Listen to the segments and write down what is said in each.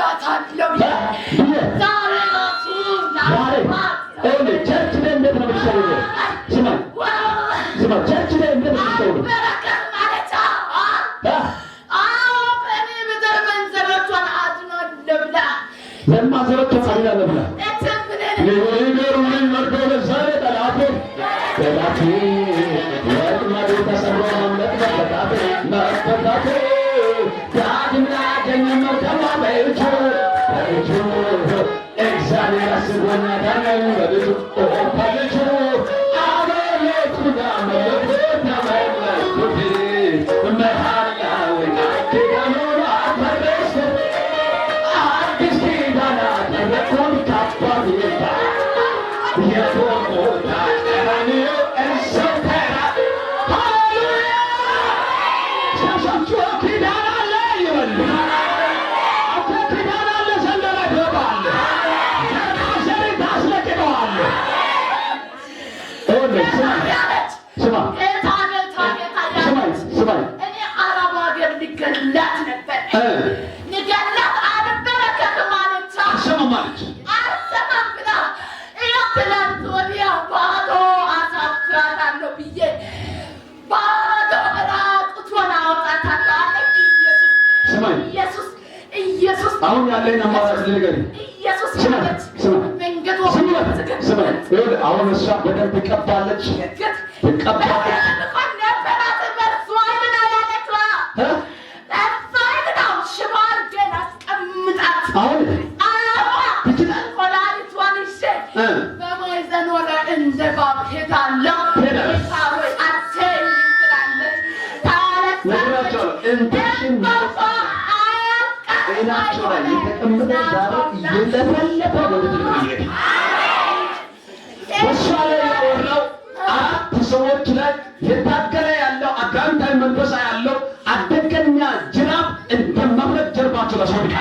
zaten biliyorum ya. Zare Rasul. Zare. Öyle. Çerçeve emre bana bir şey oldu. Sıma. Sıma. Çerçeve emre bana bir şey oldu. Ben mazeret toparıyla da buna. Ne görüyorum ben merdane zaret al abi. Kelafi. Yer merdane sabah merdane katabe. Merdane katabe. Hadi çuttu, hadi çuttu. በደንብ ትቀባለች ትቀባለች። ጤናቸው ላይ የተቀመጠ ዛሬ እየለፈለፈ ወደ በእሷ ላይ ያወራው አራት ሰዎች ላይ የታገለ ያለው አጋንንታዊ መንፈሳ ያለው አደገኛ ጅራፍ እንደ መብረቅ ጀርባቸው ለሰውቃ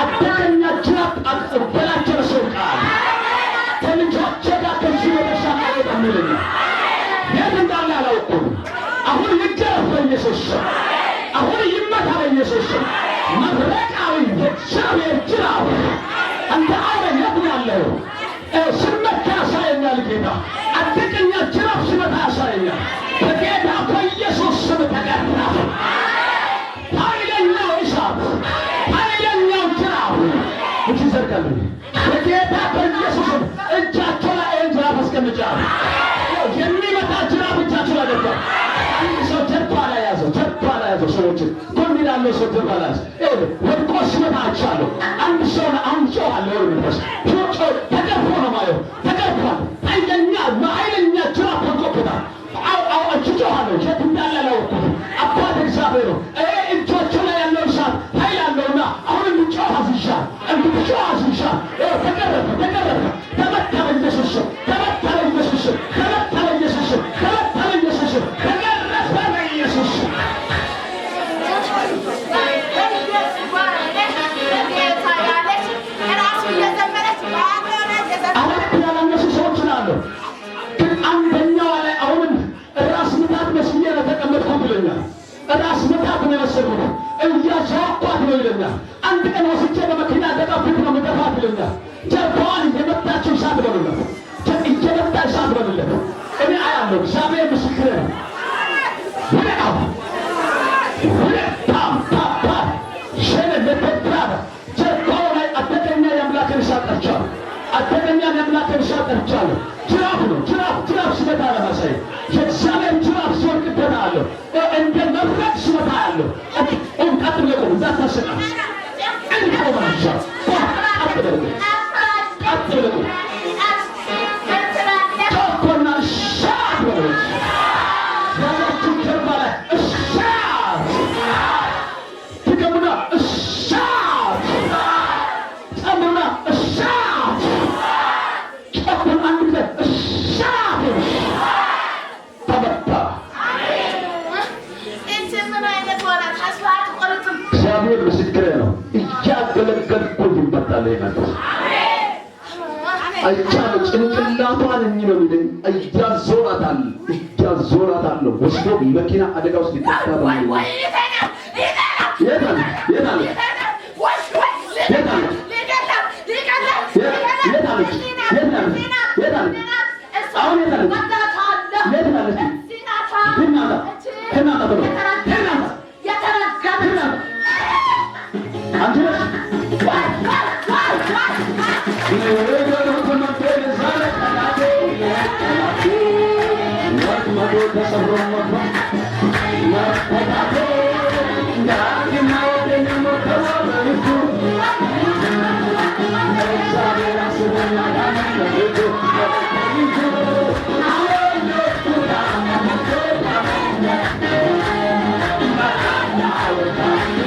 አደገኛ ጅራፍ በላቸው ለሰውቃ ከልጆቼ ጋር ከዚህ ወደሻ ላይ በሚልኛ የት እንዳለ አላውቁም። አሁን ይገረፍ በኢየሱስ አሁን ይመታ በኢየሱስ መብረቃዊ የእግዚአብሔር ጅራፍ እንደ አይ ነው። ስመታ ያሳየኛል ጌታ አትቅኛ ችራፍ ስመታ ያሳየኛል። በጌታ በኢየሱስ ስም ተቀጣ። ኃይለኛው እሳት፣ ኃይለኛው ችራፍ እጅ ዘርቀል። በጌታ በኢየሱስ እጃቸው ላይ ይህን ጅራፍ አስቀምጫ የሚመታ ጅራፍ እጃቸው ላይ ገባ። አንድ ሰው ጀርባ ላይ ያዘው፣ ጀርባ ላይ ያዘው ሰዎችን ጎን ሰው ጀርባ ላይ ያዘው። ወድቆ ስመታ አይቻለሁ። አንድ ሰውን አንጨዋለሁ መንፈስ በኃይለኛ ጅራፍ ወጥቶበታል። አችጮኋለሁ ሸት እንዳለ አላወቅኩት አባት እግዚአብሔር ነው ጅራፍ ነው። ጅራፍ ጅራፍ ሲመታ ለማሳይ የእግዚአብሔር ጅራፍ ሲወርቅበት አለው እንደ መብረቅ ሲመታ አለው ቀጥ ብለህ ቆም፣ እንዳታሰቃ ቀጥ ብለህ ቆም። እያቃጠለ ይመጣል። አይቻለ ጭንቅላቷን የሚለኝ እያዞራታል እያዞራታል ነው ወስዶ መኪና አደጋ ውስጥ ይጠጣ አሁን I power.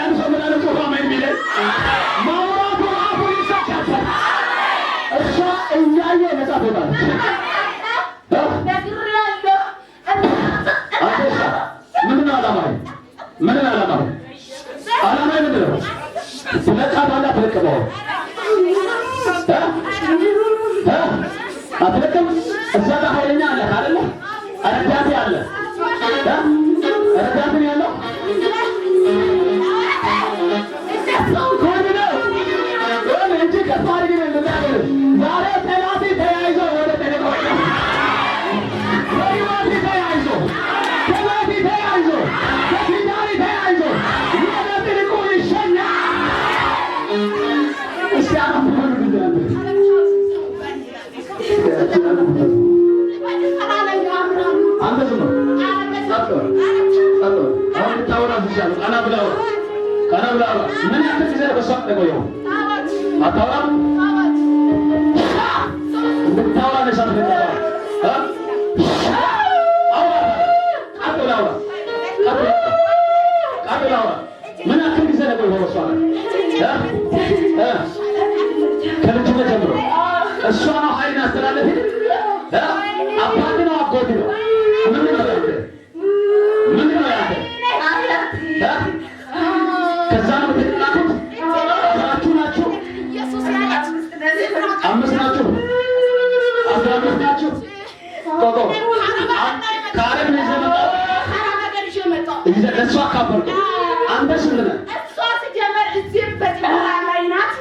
ያንሰው ብላ ነው ጮፋ የሚለኝ ከልጅነት ጀምሮ እሷ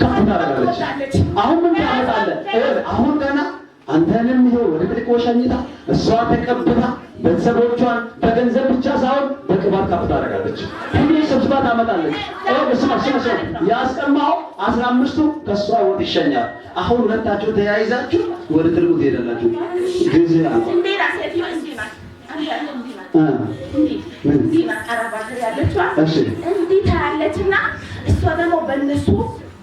ከፍ ታደርጋለች። አሁን ምን ታመጣለህ? አሁን ገና አንተንም ይሄ ወደ ጥልቆ ሸኝታ እሷ ተቀብታ ቤተሰቦቿን በገንዘብ ብቻ ሳይሆን በቅባት ከፍ ታደርጋለች። ሁሌ ሰብስባ ታመጣለች። ስማ ስማ ስማ፣ አስራ አምስቱ ከእሷ ወጥ ይሸኛል። አሁን ሁለታችሁ ተያይዛችሁ ወደ ጥልቁ ትሄዳላችሁ። ጊዜ ነው ያለችና እሷ ደግሞ በእነሱ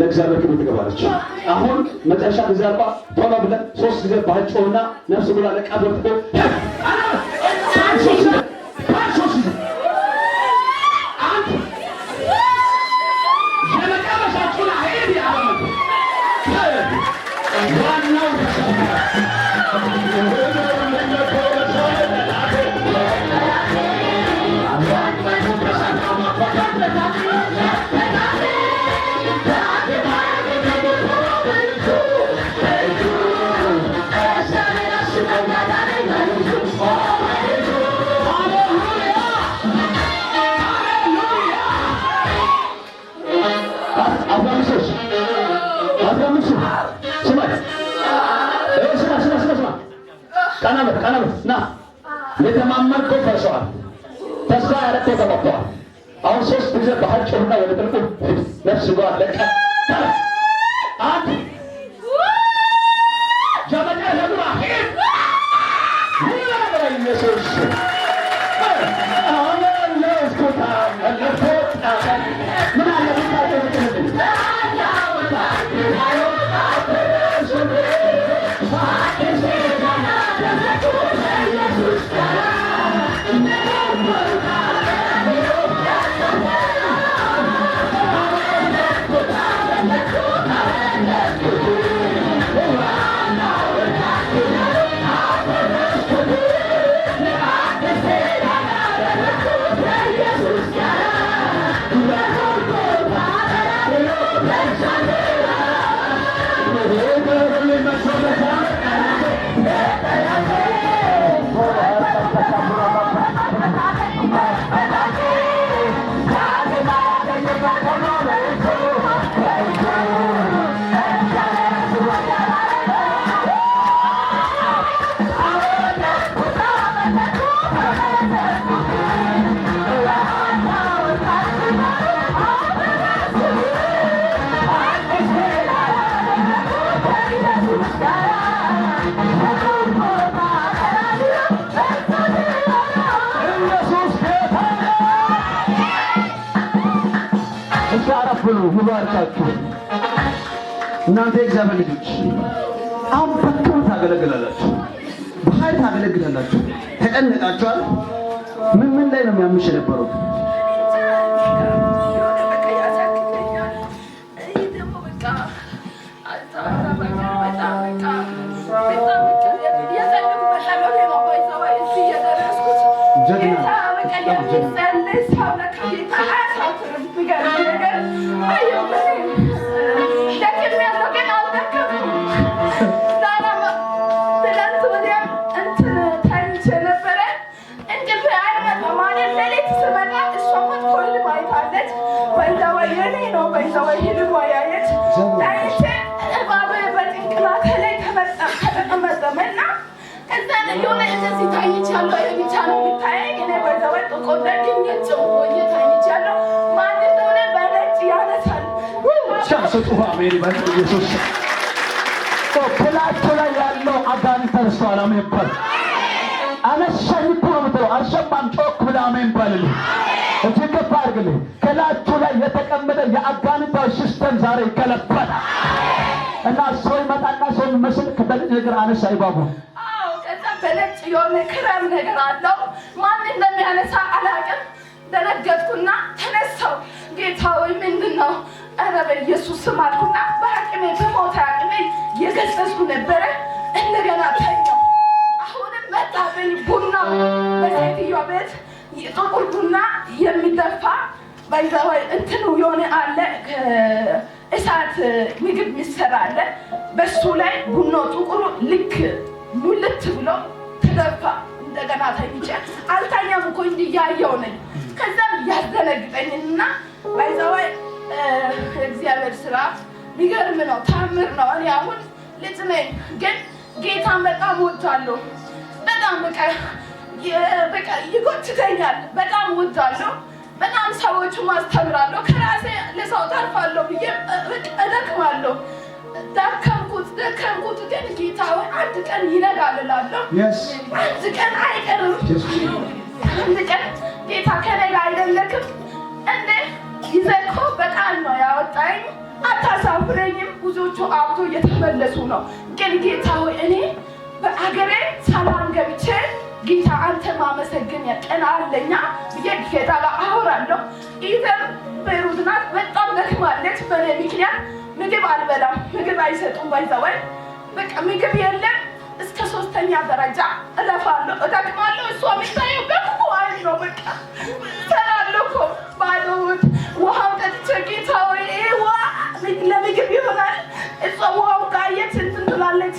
ለእግዚአብሔር ክብር ትገባለች። አሁን መጨረሻ ጊዜ አልቋ ቶሎ ብለን ሶስት ጊዜ ባጭውና ነፍስ ብላ ለቃ በርትቶ Yeah. كنبس ና የተማመን ኮ ፈርሰዋል። ተስፋ ያረቆ ተመጥተዋል። አሁን ሶስት ጊዜ ባህር ጮህና ወደ ጥልቁ ነፍስ ጓ ለቀ አንድ ይባርካችሁ። እናንተ የእግዚአብሔር ልጆች አሁን በክብር ታገለግላላችሁ፣ በኃይል ታገለግላላችሁ። ተጨነቃችኋል። ምን ምን ላይ ነው የሚያምሽ የነበረው? የኔ ነው በይዘው ሄድማ ያየች ታይቼ እባብ በጭንቅላቴ ላይ ተጠመጠመና ከዛ የሆነ እንደዚህ ታይቻለሁ። የቢቻ ነው የሚታየኝ እኔ በዘወ ጥቁር ደግኘጭ ሆኜ ታይቻለሁ። ማን እንደሆነ በነጭ ያነሳል ኢየሱስ። በላቸው ላይ ያለው አጋንንት ተነስቷል። አሜን በል አነሳኝ እኮ ነው የምትለው። አልሰማም። ጮክ ብለህ አሜን በልልኝ። እዚህ ከፍ አድርግልህ። ከላያችሁ ላይ የተቀመጠ የአጋንንታዊ ሲስተም ዛሬ ይገለበጣል እና ሰው ይመጣና ሰው የሚመስል ከበልጭ ነገር አነሳ አይባቡ በነጭ የሆነ ክረም ነገር አለው። ማን እንደሚያነሳ አላውቅም። ደነገጥኩና ተነሳው። ጌታ ወይ ምንድን ነው? ኧረ በኢየሱስ ስም አልኩና በአቅሜ በሞታ አቅሜ የገሰሱ ነበረ እንደገና ተኛው መጣብኝ ቡና በሴትዮዋ ቤት ጥቁር ቡና የሚደፋ ባይዛዋ እንትኑ የሆነ አለ እሳት ምግብ የሚሰራ አለ። በሱ ላይ ቡና ጥቁሩ ልክ ሙልት ብሎ ተደፋ። እንደገና ተኝቼ አልተኛም እኮ እንጂ ያየው ነኝ። ከዛም ያስደነግጠኝና ባይዛዋ እግዚአብሔር ስራ ሚገርም ነው፣ ታምር ነው። እኔ አሁን ልጅ ነኝ፣ ግን ጌታን በጣም ወጥቷለሁ። በጣም በቃ ይጎትተኛል። በጣም ወዳለሁ። በጣም ሰዎቹ ማስተምራለሁ። ከራሴ ለሰው ታርፋለሁ ብዬ እደክማለሁ። ደከምኩት ደከምኩት፣ ግን ጌታ ሆይ አንድ ቀን ይነጋል እላለሁ። አንድ ቀን አይቀርም። አንድ ቀን ጌታ ከኔ አይደለክም እንዴ? ይዘኮ በጣም ነው ያወጣኝ። አታሳፍረኝም። ብዙዎቹ አብቶ እየተመለሱ ነው። ግን ጌታ ሆይ እኔ በአገሬ ሰላም ገብቼ ጌታ አንተ ማመሰግን ቀን አለኛ ብዬ ጌታ ጋር አወራለሁ። ኢቨን ቤሩት ናት በጣም በእኔ ምክንያት ምግብ አልበላም፣ ምግብ አይሰጡም። ባይዘወይ በቃ ምግብ የለም። እስከ ሶስተኛ ደረጃ እለፋለሁ፣ የሚታየው በክፉ ነው። በቃ ጠጥቼ ጌታ ወይ ዋ ለምግብ ይሆናል። ውሃው ጋየት እንትን ትላለች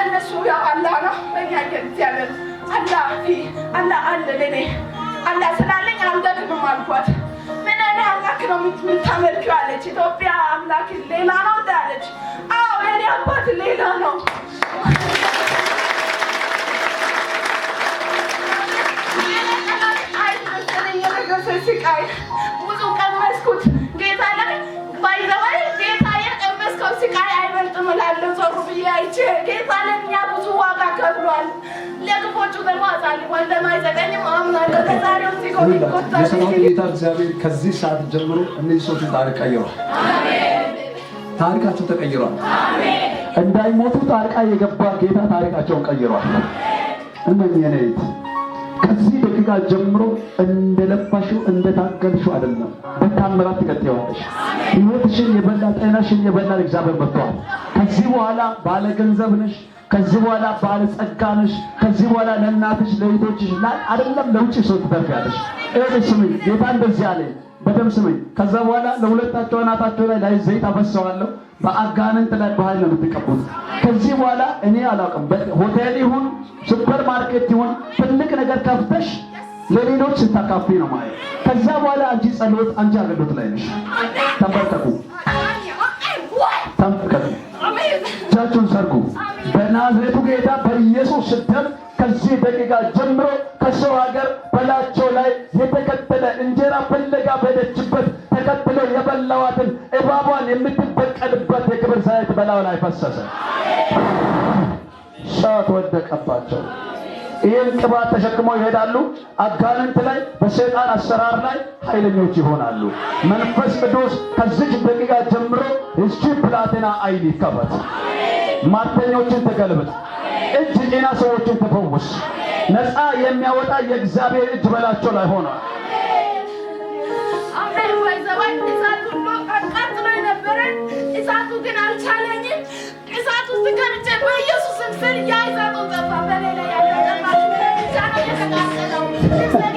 እነሱ ያው አላ ነው በእኛ እግዚአብሔር አላህ ፊ አላህ አለ ለኔ አላህ ስላለኝ አልደግምም አልኳት። ምን እኔ አምላክ ነው የምታመልኪው አለች። ኢትዮጵያ አምላክ ሌላ ነው እንዳለች፣ አዎ የኔ አባት ሌላ ነው። የደረሰ ስቃይ እምላለሁ ዞር ብዬ አይቼ ጌታ ለእኛ ብዙ ዋጋ ከፍሏል፣ ለክፎቹ ደግሞ አሳልፏል። እንደማይዘገኝም አምናለሁ። ከዛሬው ጌታ እግዚአብሔር ከዚህ ሰዓት ጀምሮ እነዚህ ሰዎች ታሪክ ቀይሯል። ታሪካቸው ተቀይሯል። እንዳይሞቱ ጣልቃ የገባ ጌታ ታሪካቸውን ቀይሯል። እመን የኔ ከዚህ ደቂቃ ጀምሮ እንደለፋሽው እንደታገልሽው አይደለም፣ በታምራት ትቀጥይዋለሽ። ህይወትሽን የበላ ጤናሽን የበላ እግዚአብሔር መጥተዋል። ከዚህ በኋላ ባለ ገንዘብ ነሽ። ከዚህ በኋላ ባለ ጸጋ ነሽ። ከዚህ በኋላ ለእናትሽ ለእህቶችሽ ላይ አይደለም ለውጭ ሰው ትተርፊያለሽ። እኔ ስሙኝ፣ ጌታ እንደዚህ አለ። በደም ስሙኝ። ከዛ በኋላ ለሁለታቸው እናታቸው ላይ ላይ ዘይት አፈሰዋለሁ በአጋንንት ላይ ባህል ነው የምትቀቡት። ከዚህ በኋላ እኔ አላውቅም፣ ሆቴል ይሁን ሱፐር ማርኬት ይሁን ትልቅ ነገር ከፍተሽ ለሌሎች ስታካፊ ነው ማለት። ከዛ በኋላ አንቺ ጸሎት፣ አንቺ አገልግሎት ላይ ነሽ። ተንበርከኩ፣ ተንበርከኩ፣ እጃችሁን ሰርጉ በናዝሬቱ ጌታ በኢየሱስ ደም። ከዚህ ደቂቃ ጀምሮ ከሰው ሀገር በላቸው ላይ የተከተለ እንጀራ ፍለጋ በሄደችበት ተቀብሎ የበላዋትን እባቧን የምትበቀልበት የክብር ሳይት በላው ላይ ፈሰሰ። ሰዓት ወደቀባቸው። ይህን ቅባት ተሸክመው ይሄዳሉ። አጋንንት ላይ በሰይጣን አሰራር ላይ ኃይለኞች ይሆናሉ። መንፈስ ቅዱስ ከዚች ደቂቃ ጀምሮ እስቺ ፕላቲና አይን ይከፈት፣ ማርተኞችን ትገልብጥ፣ እጅ ጤና ሰዎችን ትፈውስ። ነፃ የሚያወጣ የእግዚአብሔር እጅ በላቸው ላይ ሆኗል። ሆን እሳት አቃጥሎ የነበረን እሳቱ ግን አልቻለኝም። እሳት ውስጥ ገብቼ በኢየሱስም ስል ያ እሳቱ ጠፋ። በሌላ ያለ ነው የተቃጠለው